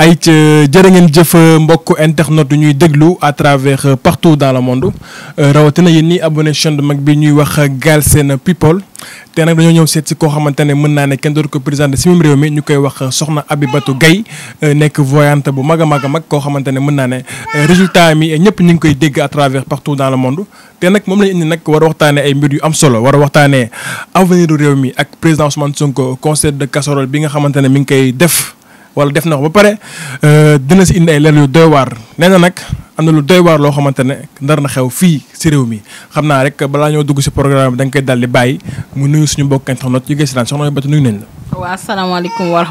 ay ca jërë ngeen jëf mbokk internet ñuy déglu à travers euh, partout dans le monde euh, rawatina yéen ñii abonné chaîne bu mag bi ñuy wax Galsen People te nag dañoo ñëw seet si koo xamante ne mën naa ne kenn dootu ko présenté si même réew mi ñu koy wax euh, soxna Abibatou gay nekk voyante bu mag a mag a mag koo xamante ne mën naa ne résultat mi ñëpp ñu ngi koy dégg à travers partout dans le monde te nag moom lañu indi nag war a waxtaanee ay mbir yu am solo war a waxtaanee avenir réew mi ak président Ousmane Sonko concert de casserole bi nga xamante ne mi ngi koy def. wala def na ko ba pare euh, dina ci indi ay leer yu doy war nee nak amna na lu doy war lo xamantene ne ndar na xew fi ci réew mi xamna rek bala ñoo dugg ci programme dang koy daldi bay mu nuyu suñu mbokk internet yu gis lan soxna yu bat nuyu nañ la. assalamu alaykum wa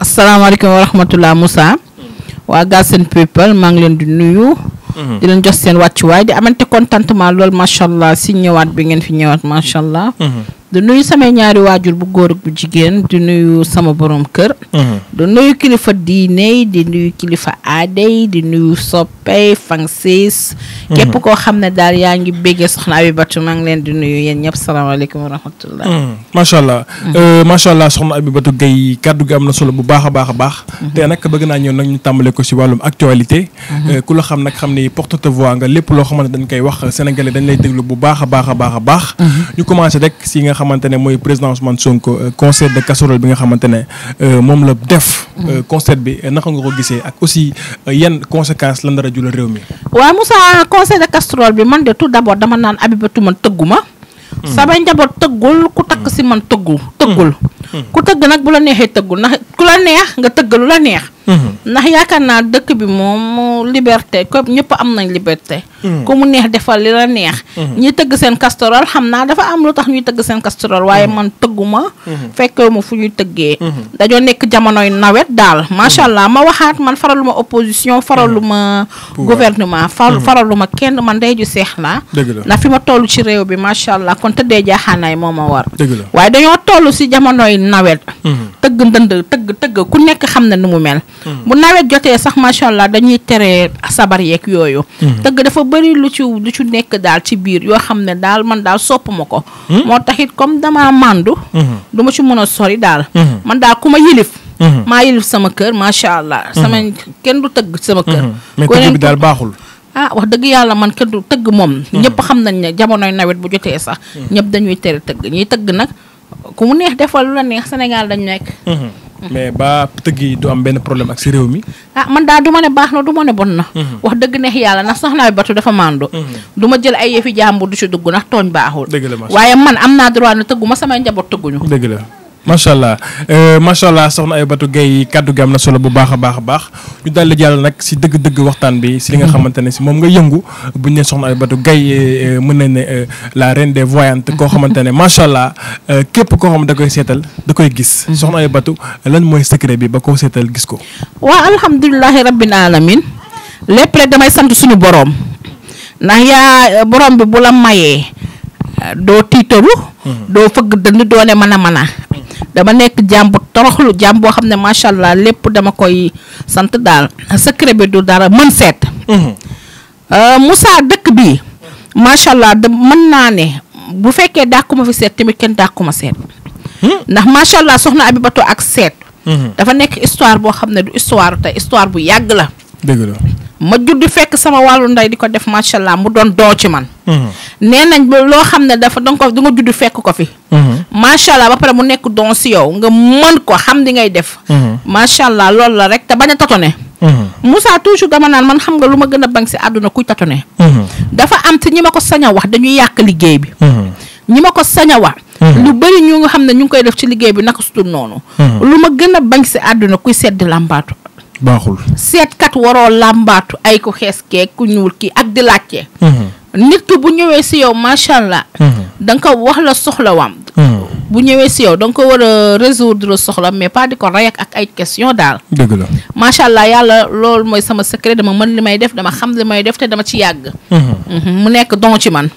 assalamu alaykum wa rahmatullah musa wa People ma ngi leen di nuyu. Mhm. di leen jox seen way di amante contentement lool machallah allah si ñëwaat bi ngeen fi ñëwaat machallah mhm. di nuyu samay ñaari waajur bu góor bu jigéen di nuyu sama borom kër. Mhm. di nuyu kilifa diine di nuyu kilifa aaday di nuyu soppey fansis képp koo xam ne daal yaa ngi béggee soxna Abibatu maa ngi leen di nuyu yéen ñëpp salaamaaleykum wa rahmatullah hmm, macha allah hmm. euh, macha allah soxna Abibatu Gaye kàddu gi am na solo bu baax a baax a baax hmm. te nag bëgg naa ñëw nag ñu tàmbale ko si wàllum actualité euh, ku la xam nag xam ni porte-voix nga lépp loo xamante dañ koy wax sénégalais dañ lay déglu bu baax a baax a baax a baax ñu commencé rek si nga xamante ne mooy président Ousmane Sonko euh, concert de casserole bi nga xamante ne moom la def concert bi naka nga ko gisee ak aussi yan conséquences lan dara jula réew mi conseil de casserole bi man de tout d'abord dama naan abibatu man tëggu ma sama njaboot tëggul ku takk si man tëggu tëggul ku tëgg nag bu la neexee tëggul ndax ku la neex nga tëgg la neex mhm. ndax yaakaar naa dëkk bi moom liberté ko ñëpp am nañ liberté Mm. ku mu neex defal li la neex mm. ñi tëgg seen castorol xam naa dafa am lu tax ñuy tëgg seen castorol waaye mm. man tëgguma mm-hmm. fekkewu mu fu ñuy tëggee mm-hmm. dañoo nekk jamonoy nawet daal macha mm-hmm. allah ma waxaat man faraluma opposition faraluma gouvernement faraluma kenn man day ju seex laa na fi ma toll ci réew bi macha allah kon tëddee jaaxaanaay moo ma war waaye dañoo toll si jamonoy nawet tëgg ndënd tëgg tëgg ku nekk xam na nu mu mel bu nawet jotee sax macha allah dañuy tere sabar yeeg yooyu tëgg dafa bëri lu ci lu ci nekk daal ci biir yoo xam ne daal man daal sopp ma ko hmm? moo taxit comme damaa màndu hmm. du ma ci mën a sori daal hmm. man daal ku ma yilif maa yilif sama kër macha allah sama kenn du tëgg sama kër mais ko bi baaxul ah wax dëgg yàlla man kenn du tëgg moom ñëpp xam nañ ne jamonoy nawet bu jotee sax ñëpp dañuy tere tëgg ñuy tëgg nag ku mu neex defal lu la neex Sénégal dañ nekk mais ba tëgg yi du am benn problème ak si réew mi. ah man daa du ma ne baax na du ma ne bon na. Mhm. wax dëgg neex yàlla nax sax nawet batu dafa màndu. Mhm. du ma jël ay yëfi jàmbur du ci dugg ndax tooñ baaxul. dëgg la waaye man am naa droit ne tëggu ma samay njaboot tëgguñu. dëgg la. macha allah eh, macha allah soxna ay batu gay kaddu gi am na solo bu baax a baax ñu daal di jàll nag si dëgg-dëgg waxtaan bi si li nga si nga yëngu bu ñu soxna ay batu gay mën eh, la reine des voyantes koo xamante ne allah eh, képp koo xam da koy seetal da koy gis. soxna ay batu lan mooy secret bi ba koo seetal gis ko. rabbil alamin lépp damay sant suñu borom ndax yaa borom bi bu la mayee do tiitaru. Hmm. do fëgg dënd mana. ne dama nekk jàmb bu toroxlu jaam boo xam ne macha allah lépp dama koy sant daal secret bi du dara mën seet. Mhm. Euh, Moussa dëkk bi macha allah da mën naa ne bu fekkee dàquma fi seet tamit kenn dàquma seet. Hmm? ndax macha allah soxna Abibato ak seet. Mhm. dafa nekk histoire boo xam ne du histoire te histoire bu yàgg la. dëgg la ma judd fekk sama wàllu ndey di ko def macha allah mu doon doo ci man. Mhm. nee nañ ba loo xam ne dafa danga ko da nga fekk ko fi. Mhm. macha allah ba pare mu nekk don si yow nga mën ko xam di ngay def. Mhm. macha allah loolu la rek te bañ a tatone. Moussa toujours dama naan man xam nga lu ma gën a bañ si àdduna kuy tatone. dafa am te ñi ma ko sañ a wax dañuy yàq liggéey bi. ñi ma ko sañ a wax. lu bëri ñu nga xam ne ñu ngi koy def ci liggéey bi naka su noonu. lu ma gën a bañ si àdduna kuy sedd làmbaatu. baaxul seetkat waroo làmbaatu ay ku xees kee ku ñuul kii ak di laajte. Mhm. nit ki bu ñëwee si yow macha allah. Mhm. da nga ko wax la soxlawam. Mhm. bu ñëwee si yow da nga ko war a résoudre soxla mais pas di ko rayak ak ay question daal. dëgg la macha allah yàlla loolu mooy sama secret dama mën li may def dama xam li may def te dama ci yàgg. mu nekk don ci man.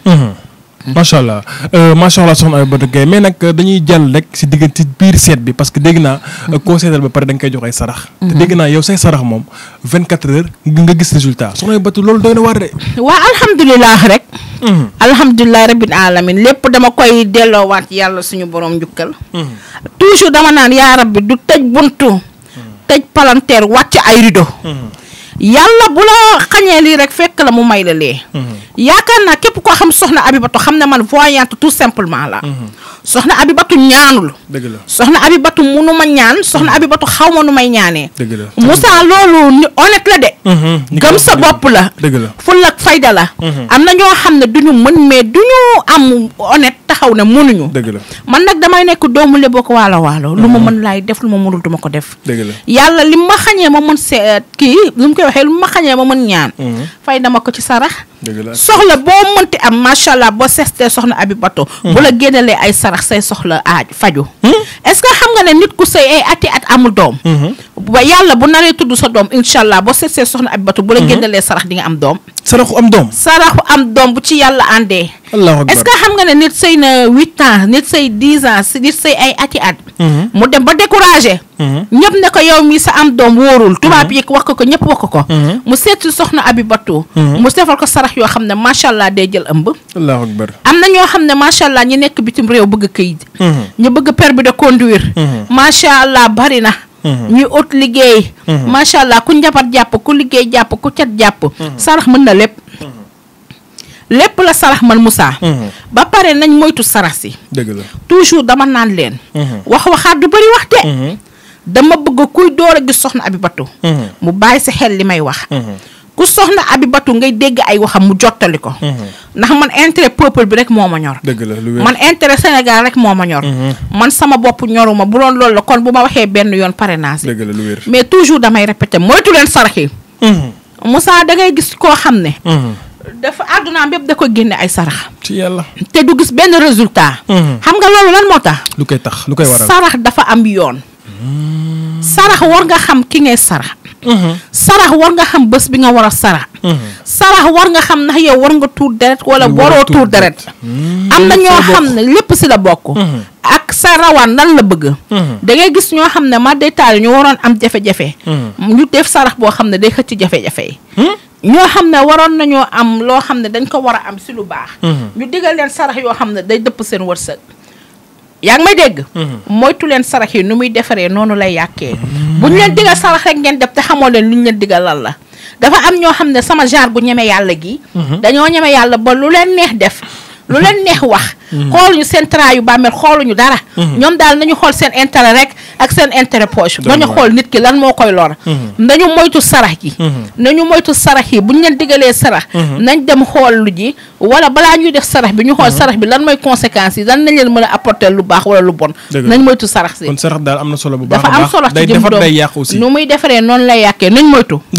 macha allah euh, macha allah soxna ay Bada Gaye mais nag euh, dañuy jàll rek si diggante biir seet bi parce que dégg naa. koo mm-hmm. euh, seetal ba pare da koy jox ay sarax. te mm-hmm. dégg naa yow say sarax moom 24 heures nga gis résultat soxna ay Bada loolu doy na waar de. waaw alhamdulilah rek. Mm-hmm. alhamdulilah rabbil alamin lépp dama koy delloowaat yàlla suñu borom njukkal. toujours dama naan yaa rabbi du tëj buntu. tëj palanteer wàcc ay rido. yàlla bu la xañee lii rek fekk la mu may la lee yaakaar naa képp koo xam soxna Abibatu xam ne man voyante tout simplement la soxna abi Abibatu ñaanul. dëgg la soxna nu munuma ñaan soxna mm-hmm. batu xaw ma nu may ñaanee. dëgg la Moussa loolu ni honnête la de. Mm-hmm. gëm sa bopp la. dëgg la ful ak fayda la. Mm-hmm. am na ñoo xam ne du ñu mën mais du ñu am honnête taxaw ne mënuñu. dëgg la man nag damay nekk doomu Lebu ko waalo waalo. lu ma mën laay def lu ma mënul du ma ko def. dëgg la yàlla li ma xañee ma mën see eh, kii lu mu koy waxee lu ma xañee ma mën ñaan. fay dama ko ci sarax. soxla boo mënti am macha allah boo seestee soxna abi bato hmm. bu la génnalee ay sarax say soxla aaj faju hmm? est-ce que xam nga ne nit ku sëy ati at amul doom hmm. ba yàlla bu naree tudd sa doom incha allah boo seet see soxna Abibatou bu la génnalee sarax di nga am doom. saraxu am doom. saraxu am doom bu ci yàlla àndee. est-ce que xam nga ne nit sëy na huit ans nit sëy dix ans nit sëy ay ati at. mu dem ba découragé. ñëpp ne ko yow mii sa am doom wóorul. tubaab yi wax ko ko ñëpp wax ko ko. mu seet soxna Abibatou. mu defal ko sarax yoo xam ne macha allah day jël ëmb. allahu akbar am na ñoo xam ne macha allah ñi nekk bitim réew bëgg këyit. ñu bëgg permis de conduire. macha allah bari na. ñuy ut liggéey. Mm-hmm. macha allah ku njabar jàpp ku liggéey jàpp ku cat jàpp. Mm-hmm. sarax mën na lépp. Mm-hmm. lépp la sarax man musaa ba pare nañ moytu sarax si. dëgg la toujours dama naan leen. wax waxaat du bëri wax de. dama bëgg kuy door a gis soxna Abibatu mu bàyyi si xel li may wax. ku soxna Abibatu ngay dégg ay waxam mu jottali ko. Mhm. ndax man intérêt peuple bi rek moo ma ñor. dëgg lu man intérêt Sénégal rek moo ma ñor. Mhm. man sama bopp ñoruma bu doon loolu la kon bu ma waxee benn yoon pare yi. dëgg la lu wér mais toujours damay répété moytu leen sarax yi. Mhm. Moussa da gis koo xam ne. dafa àddunaam bépp da ko génne ay sarax. ci yàlla te du gis benn résultat. xam nga loolu lan moo tax. lu koy tax lu koy waral sarax dafa am yoon. Mm. sarax war nga xam ki ngay sarax. sarax war nga xam bés bi nga war a sarax sarax war nga xam nax yow war nga tuur deret wala waroo tuur deret hmm. am na ñoo xam ne lépp si la bokk hmm. ak sa rawaan lan la bëgg hmm. da ngay gis ñoo xam ne ma détail ñu waroon am jafe-jafe ñu def sarax boo xam ne day xëcc jafe-jafe yi ñoo xam ne waroon nañoo am loo xam ne dañ ko war a am si lu baax ñu digal leen sarax yoo xam ne day dëpp seen wërsëg yaa ngi may dégg moytu leen sarax yi nu muy defaree noonu lay yàkkee bu ñu leen digal sarax rek ngeen def te xamoo leen lu ñu leen digal lan la. dafa am ñoo xam ne sama genre bu ñeme yàlla gi mhm. dañoo ñeme yàlla ba lu leen neex def. lu leen neex wax. Mhm. xooluñu seen tra yu bàmmeel xooluñu dara. Mhm. ñoom daal nañu xool seen intérêt rek ak seen intérêt poche. bañu xool nit ki lan moo koy lor. nañu moytu sarax yi. nañu moytu sarax yi buñ leen digalee sarax. nañ dem xool ji. wala balaa ñuy def sarax bi ñu xool mhm. sarax bi lan mooy conséquences yi lan nañ leen mën a apporter lu baax wala lu bon nañ moytu sarax si kon sarax daal am na solo bu baax dafa am solo day defar day yàq aussi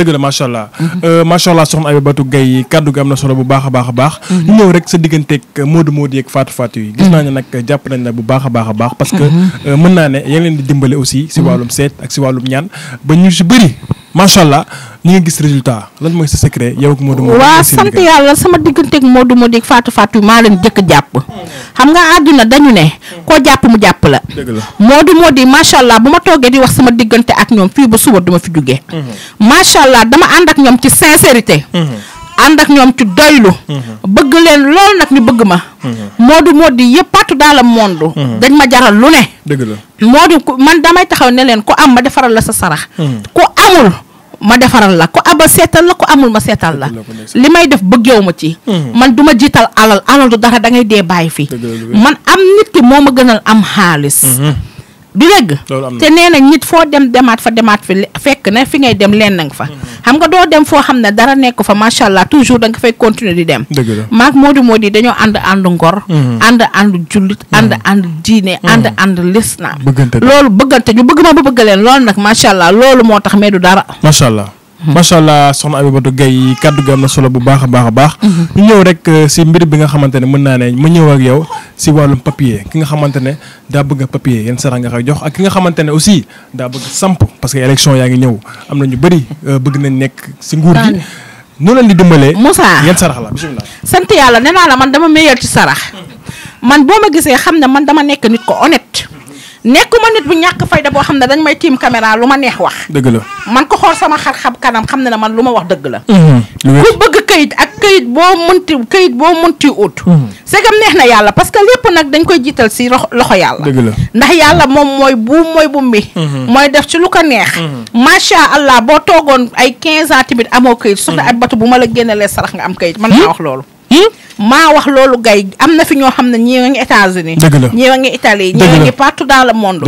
la macha allah mhm. euh, macha allah soxna am na bu baax a baax a baax ñu mhm. ñëw rek sa digganteeg Modou Modou yeeg Fatou faat yi gis naa ne nag jàpp nañ la bu baax baax a baax parce que euh, mën naa ne yéen leen di dimbale aussi si wàllum seet ak si wàllum ñaan ba ñu si bëri macha allah ñi nga gis résultat lan moy sa secret yow ak Modou Modou wa sante yalla sama ak Modou Modou Fatou Fatou ma leen jëk japp xam nga aduna dañu né ko japp mu japp la Modou Modou macha allah bu di wax sama digënté ak ñom fi ba suba duma fi duggé mhm. dama and ak ñom ci sincérité and mhm. ak ñom ci doylu mhm. bëgg leen lool patu ñu bëgg ma modou modou yëpp partout monde dañ ma jaral lu ne modou man damay taxaw ne leen ko am ma défaral la sa sarax ko amul ma defaral la ko abal seetal la ko amul ma seetal la li may def bëggeew ci hmm. man du ma jiital alal alal du dara dangay ngay dee bàyyi fi man am nit ki moo ma gënal am xaalis hmm. du dëgg te nee na nit foo dem demaat fa demaat fi fekk na fi ngay dem leen nga fa mm-hmm. xam nga doo dem foo xam ne dara nekk fa macha allah toujours da nga fay continuer di dem maag Modou Modou dañoo ànd ànd ngor mm-hmm. ànd ànd jullit mm-hmm. ànd ànd diine ànd ànd lislaam loolu bëggante ñu bëgg ma ba bëgg leen loolu nag macha allah loolu moo tax mais du dara macha allah macha allah ba Abibatu Gaye kaddu gi am na solo bu baax a baax a baax. Mhm. ñu ñëw rek euh, si mbir bi nga xamante ne mën naa ne ma ñëw ak yow si wàllum papier ki nga xamante ne daa bëgg a yenn sarax nga koy jox ak ki nga xamante ne aussi daa bëgg samp parce que élection yaa ngi ñëw am na ñu bëri euh, bëgg nañ nekk si nguur gi. nu leen di dimbalee. Moussa yan sarax la bisimilah. sant yàlla nee naa la man dama meilleur ci sarax. man boo ma gisee xam ne man dama nekk nit ko honnête. nekkuma nit bu ñàkk fayda boo xam ne dañ may tiim caméra lu ma neex wax. dëgg la man ko xool sama xar xam kanam xam ne ne man lu ma wax dëgg la. Mhm. ku bëgg kayit ak kayit boo munti kayit boo munti ut. Mhm. segam neex na yàlla parce que lépp nag dañ koy jiital si loxo yàlla. dëgg la ndax yàlla moom mooy buum mooy buum bi. Mhm. mooy def ci lu ko neex. macha allah boo toogoon ay 15 ans tamit amoo këyit. soxna ak batu bu ma la génne génnelee sarax nga am kayit man naa hmm? wax loolu. gi maa wax loolu gay am na fi ñoo xam ne ñii a ngi États-Unis ñii a ngi Italie ñii a ngi partout dans le monde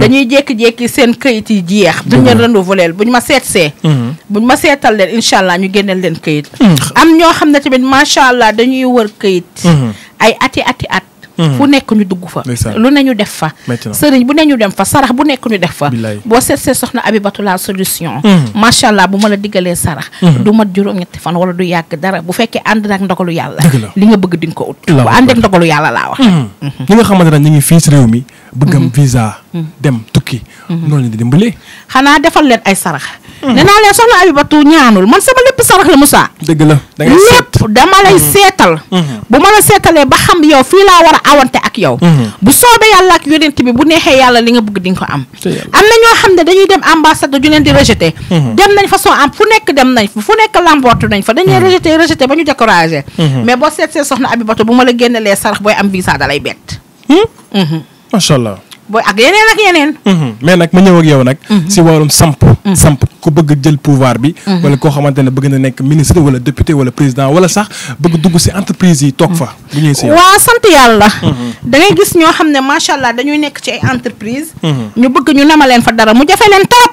dañuy jékki-jékki seen këyit yi jeex duñ leen renouveler bu ñu ma seetsee mm-hmm. bu ñu ma seetal leen incha allah ñu génneel leen këyit mm-hmm. am ñoo xam ne tamit macha dañuy wër këyit mm-hmm. ay ati ati at Mm-hmm. fu nekk ñu dugg fa lu ne ñu def fa sëriñ bu ne ñu dem fa sarax bu nekk ñu def fa boo seet see soxna Abibatu la solution mm-hmm. macha allah bu ma la diggalee sarax mm-hmm. du mat juróom-ñetti fan wala du yàgg dara bu fekkee ànd nag ndogalu yàlla li nga bëgg di ko ut bu ànd ak ndogalu yàlla laa wax li nga xamante ne ñu fii si mi bëggam visa dem tukki. noonu la di dimbalee. xanaa defal leen ay sarax. nee naa leen soxna Abibatu ñaanul man sama lépp sarax la Moussa. dëgg la da lépp dama lay mhm. seetal. Mhm. bu ma la seetalee ba xam yow fii laa war a awante ak yow. Mhm. bu soobee yàlla ak yonent bi bu neexee yàlla li nga bëgg di nga ko am. am na ñoo xam ne dañuy dem ambassade ju leen di rejeté. dem nañ façon am fu nekk dem nañ fa fu nekk lambootu nañ fa dañuy rejeté rejeté ba ñu découragé. mais boo seet see soxna Abibatu bu ma la génnelee sarax booy am visa da lay bett. Hmm? macha allah. booy ak yeneen ak yeneen. Mhm. mais nag ma ñëw ak nag. Mhm. si wàllum samp. Mhm. samp ku bëgg jël pouvoir bi. wala koo xamante ne bëgg na nekk ministre wala député wala président wala sax bëgg dugg si entreprise yi toog fa. bu ñuy si waa sant yàlla. da gis ñoo xam ne macha allah dañuy nekk ci ay entreprise ñu bëgg ñu nama leen fa dara mu jafe leen trop.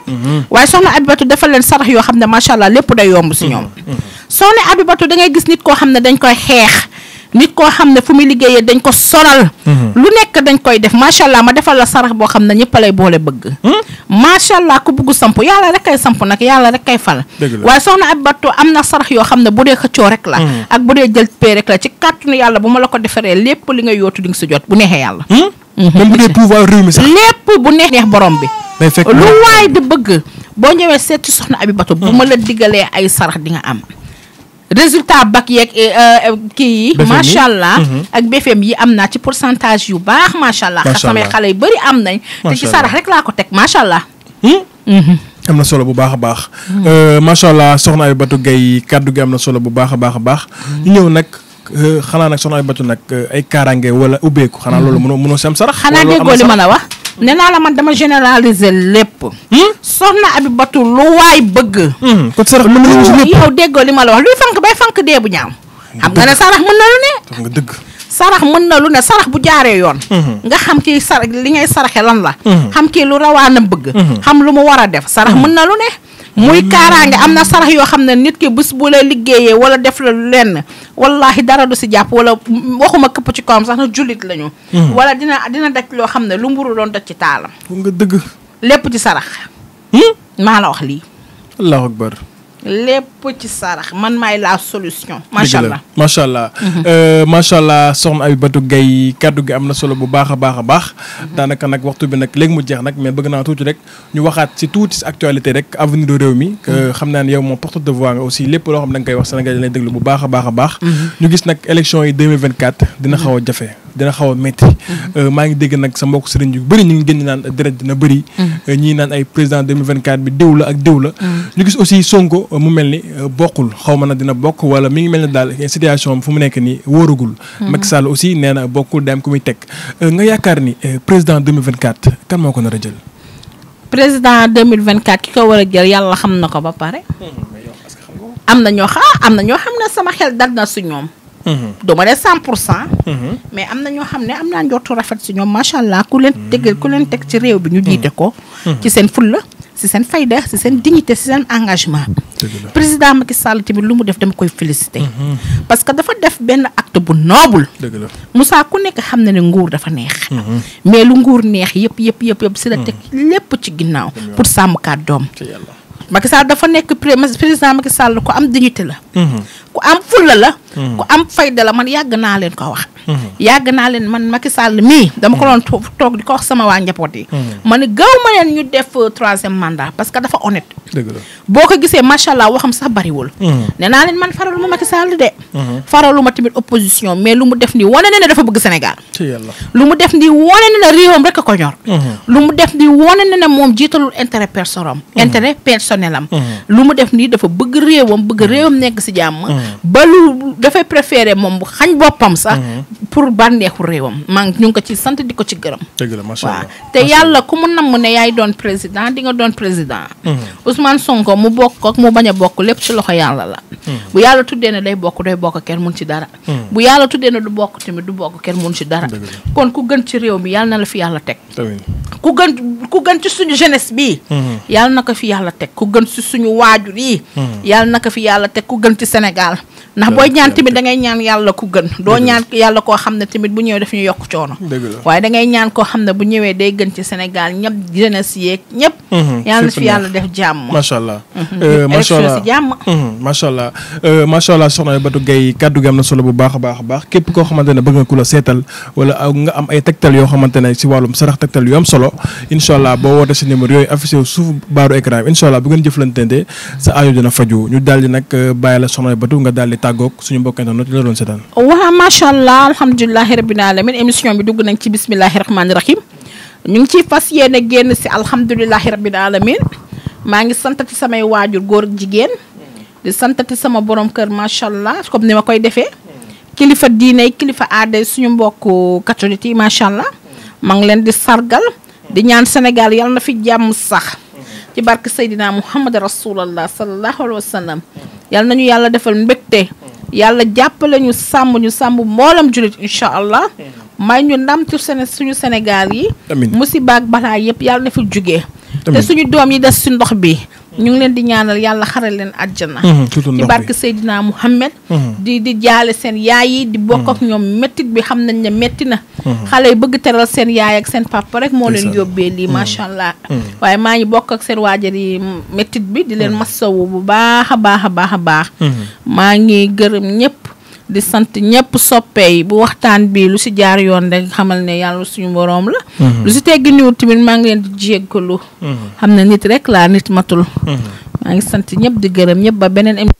waaye soxna Abibatu defal leen sarax yoo xam ne macha allah lépp day yomb si ñoom. soxna Abibatu da koo xam ne dañ koy xeex. nit koo xam ne fu muy liggéeyee dañ ko sonal. Mhm. lu nekk dañ koy def macha allah ma defal la sarax boo xam ne ñëpp lay boole bëgg. Hmm? macha allah ku bugg samp yàlla rek ay samp nag yàlla rek kay fal. waaye soxna Abibatou am na sarax yoo xam ne bu dee xëccoo rek la. Hmm. ak bu dee jël pee rek la yàlla bu ma la ko defaree lépp li nga yootu di nga si jot bu neexee yàlla. Hmm? même bu dee pouvoir réew mi neex borom bi. lu waay di bëgg boo ñëwee seeti soxna abi bato bu ma la diggalee ay sarax di nga am résultat bac yek ki machallah ak BFM yi amna ci pourcentage yu bax machallah allah xa xale bari bëri am nañ te ci sarax rek la ko tek machallah hmm amna solo bu bax bax euh machallah soxna ay batou gay kàddu gi amna solo bu bax bax bax ñëw nak xana nak soxna ay batou nak ay karangé wala ubbeeku xanaa loolu mënoo mëno si am sarax xanaa déggoo li mëna wax ne naa la man dama généraliser lépp. Hmm? soxna Abibatu lu waay bëgg. Hmm, kon sarax mën nañu ci lépp yow déggoo li ma la wax luy fank bay fank dee bu ñaaw. xam nga ne sarax mën na lu ne. nga dëgg. sarax mën na lu ne sarax bu jaaree yoon. Hmm. nga xam kii sarax li ngay saraxe lan la. xam kii lu rawaanam bëgg. xam lu mu war a def sarax mën na lu ne. muy mm-hmm. kaaraange am na sarax yoo xam ne nit ki bés bu la liggéeyee wala def la lenn wallahi dara du si jàpp wala waxuma këpp ci kawam sax na jullit lañu. Mm-hmm. wala dina dina daj loo xam ne lu mburu doon daj ci taalam. nga dëgg. lépp ci sarax. Hmm? maa la wax lii. allahu akbar. lépp ci sarax man maay la solution. macha allah macha allah. Mhm. Euh, macha allah soxna Abibatou Gaye kaddu gi am na solo bu baax a baax a baax. Mhm. daanaka nag waxtu bi nag léegi mu jeex nag mais bëgg naa tuuti rek ñu waxaat si tuuti si actualité rek avenir réew mi. Mhm. Euh, xam naa ne yow moom porte de voix nga aussi lépp loo xam da nga wax Sénégal yi lay déglu bu baax a baax a baax. ñu gis nag élection yi 2024 dina xaw a jafe. dina xaw a métti. Mhm. Euh, maa ngi dégg nag sa mbokk sëriñ yu bëri ñu ngi génn naan deret dina bëri. Mhm. Euh, ñii naan ay président 2024 bi diw la ak diw la. Mhm. ñu gis aussi Sonko euh, mu mel ni bokkul xaw ma na dina bokk wala mi ngi mel na daal situation am fu mu nekk nii wóoragul. Macky Sall aussi nee na bokkul day am ku muy teg nga yaakaar ni président 2024 kan moo ko nar a jël. président 2024 ki ko war a jël yàlla xam na ko ba pare. Hmm, am na ñoo xam na ñoo sama xel dal na su ñoom. du ma ne cent pour cent mhm. mais am na ñoo xam ne am naa njortu rafet si ñoom macha allah ku leen tegal ku leen teg ci réew bi ñu jiite ko mhm. ci seen la si seen fayda si seen dignité si seen engagement président Macky Sall tamit lu mu def dama koy félicité mhm. parce que dafa def benn acte bu noble Moussa ku nekk xam na ne nguur dafa neex mais lu nguur neex yëpp yëpp yëpp yëpp si la teg lépp ci ginnaaw pour sàmm kàddoom Macky Sall dafa nekk président Macky Sall ku am dignité la ku am fulla la ku am fayda la man yàgg naa leen ko wax. yàgg naa leen man Macky Sall mii dama ko doon toog di ko wax sama waa njaboot yi. ma ne gaaw ma leen ñu def euh, troisième mandat parce que dafa honnête. boo ko gisee macha allah waxam sax bariwul. Mm-hmm. nee naa leen man faralu ma Macky Sall de. Mm-hmm. faralu ma tamit opposition mais lu mu def nii wane na ne dafa bëgg Sénégal. lu mu def nii na réewam rek a ko ñor. Mm-hmm. lu mu def nii wane na ne moom jiitalul intérêt personnel am. intérêt personnel am. lu mu def nii dafa bëgg réewam bëgg réewam dafay préféré mom bu xagn bopam sax mhm. pour bandexu rewam mang ñu ko ci sant di ko ci gërëm waaw te yalla ku mu nam ne yaay doon président di nga doon président mhm. Ousmane Sonko mu bok ko mu baña bok lepp ci loxo yalla la mhm. bu yalla tuddee ne day bok day bok kenn mu ci dara bu yalla tuddee ne du bok timi du bok kenn mu ci dara kon ku gën ci rew mi yalla na la fi yalla tek ku gën ku gën ci suñu jeunesse bi yalla na ko fi yalla tek ku gën ci suñu wajur yi yalla na fi yalla tek ku gën ci Sénégal ndax boy ñaan tamit da ngay ñaan yàlla ku gën doo ñaan yàlla koo xam ne tamit bu ñëwee daf ñu yokk coono waaye da ngay ñaan koo xam ne bu ñëwee day gën ci Sénégal ñëpp jeunesse yeeg ñëpp mhm. yàlla na fi yàlla def jàmm macha allah mhm. euh, macha allah si jàmm mhm. macha allah euh, macha allah soxna Batou Gueye kàddu gi am na solo bu baax a baax a baax képp koo xamante bëgg nga ku la seetal wala nga am ay tegtal yoo xamante si wàllum sarax tegtal yu solo incha boo woote si numéro yooyu suuf baaru écran bi bu ngeen suñu mbokk internet la doon seetaan. waaw macha allah alhamdulilah rabbil alamin émission bi dugg nañ ci bismillahi rahmaani rahim ñu ngi ciy fas yéene génn si alhamdulilah rabbil alamin maa ngi santati samay waajur góor jigéen. di santati sama borom kër macha allah comme ni ma koy defee. kilifa diine kilifa aada suñu mbokk katoliti yi macha allah. maa ngi leen di sargal. di ñaan Sénégal yal na fi jàmm sax. ci barke Seydina Muhammad rasulallah sallallahu alayhi wa sallam yal nañu yàlla defal mbégte yàlla jàppale ñu sàmm ñu sàmm mboolam jullit incha allah may ñu ndam ci seen suñu Sénégal yi musibaak balaa yëpp yàlla na fi jugee te suñu doom yi des si ndox bi ñu ngi leen di ñaanal yàlla xaral leen àjjana mhm, ci barke Seydina Muhammad mhm. di di jaale seen yaay yi di bokk ak mhm. ñoom mettit bi xam nañ ne metti na xale yi bëgg teral seen yaay ak seen papa rek moo leen yóbbee lii macha allah waaye maa ngi bokk ak seen waajur yi mettit bi di leen massawu bu baax a baax a baax a baax maa ngi gërëm ñëpp di sant ñëpp soppeey bu waxtaan bi lu si jaar yoon rek xamal ne yàlla suñu boroom la mhm. lu si teggi niwul maa ngi leen di jéggalu mhm. xam na nit rek laa nit matul mhm. maa ngi sant ñëpp di gërëm ñëpp ba beneen